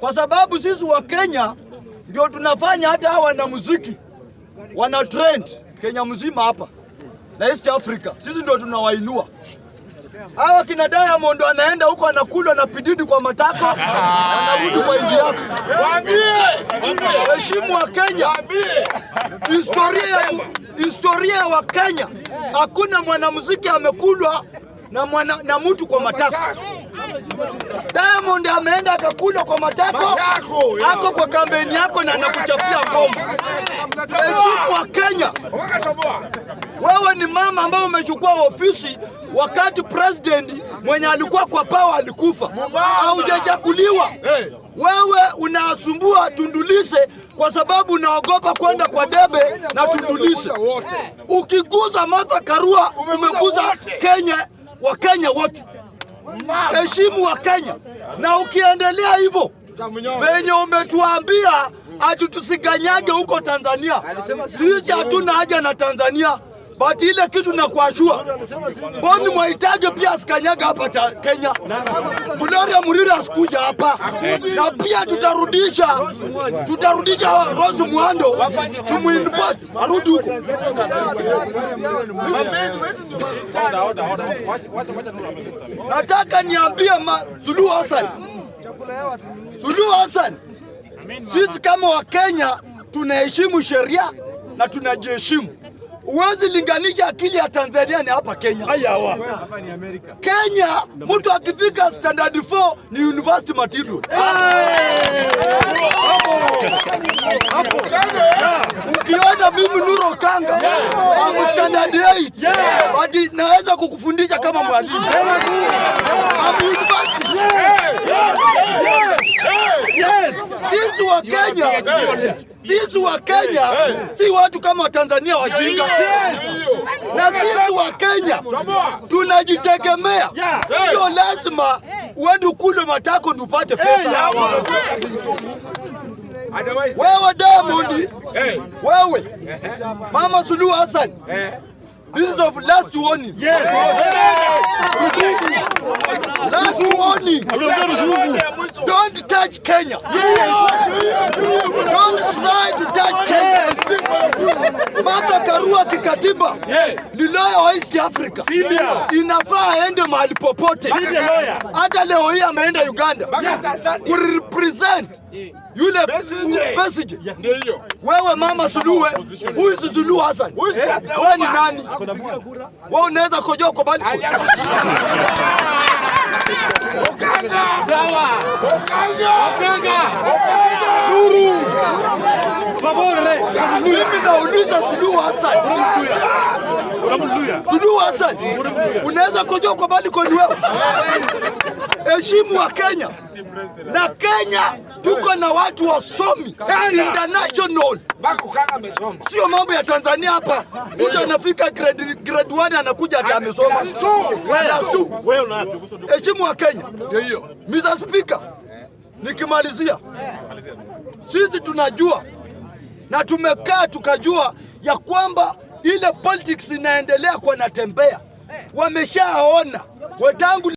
kwa sababu sisi wa Kenya ndio tunafanya hata hawa na muziki wana trend Kenya mzima hapa na East Africa, sisi ndio tunawainua hawa kina Diamond anaenda huko anakula na pididi kwa matako anarudi kwa inji yako. Waambie heshimu wa Kenya, historia ya historia wa Kenya, hakuna mwanamuziki amekulwa na, mwana, na mtu kwa matako. Diamond ameenda akakula kwa matako, ako kwa kampeni yako na anakuchapia ngoma. Heshimu wa Kenya, wewe ni mama ambaye umechukua ofisi wakati president mwenye alikuwa kwa power alikufa, haujachaguliwa wewe unasumbua tundulize kwa sababu unaogopa kwenda kwa debe na tundulize Ukiguza Martha Karua umeguza Kenya, Wakenya wote heshimu wa Kenya, na ukiendelea hivyo venye umetuambia ati tusiganyage huko Tanzania, sisi hatuna haja na Tanzania but ile kitu nakuashua Boni Mwaitajo pia asikanyaga hapa Kenya. Gloria Murira asikuja hapa, na pia tutarudisha tutarudisha Rose Muhando tumuinpot arudi huko. Nataka niambie Suluhu Hassan, Suluhu Hassan, sisi kama Wakenya tunaheshimu sheria na tunajiheshimu uwezi linganisha akili ya Tanzania ni hapa Kenya. wa. Kenya mtu akifika standard 4 ni university material. Ukiona mimi Nuro Kanga am standard 8 hadi naweza kukufundisha kama mwalimu. Wakenya sisi wa Kenya si watu kama Tanzania wajinga, na sisi wa Kenya tunajitegemea. Sio lazima uende ukule matako ndio upate pesa. Wewe Diamond, wewe Mama Suluhu Hassan, this is of last warning. Last warning don't touch Kenya. Don't try to touch Kenya. Martha Karua kikatiba ni loya wa East Africa, inafaa aende mahali popote. Hata leo hii ameenda Uganda kurepresent yule message. Wewe mama Suluwe, huyu si Suluhu Hassan, wewe ni nani? Wewe unaweza kojoa kwa bali Ukanga! Sawa! Ukanga! Ukanga! Ukanga! Nuru! Babore! Mimi nauliza Suluhu Hassan. Suluhu Hassan, unaweza kujua kwa bali koni wewe. Heshimu wa Kenya na Kenya tuko na watu wasomi international, sio mambo ya Tanzania. Hapa mtu anafika grade anakuja ati amesoma. Heshimu wa Kenya hiyo. Mr. Speaker, nikimalizia, sisi tunajua na tumekaa tukajua ya kwamba ile politics inaendelea kwa natembea, wameshaona wetangu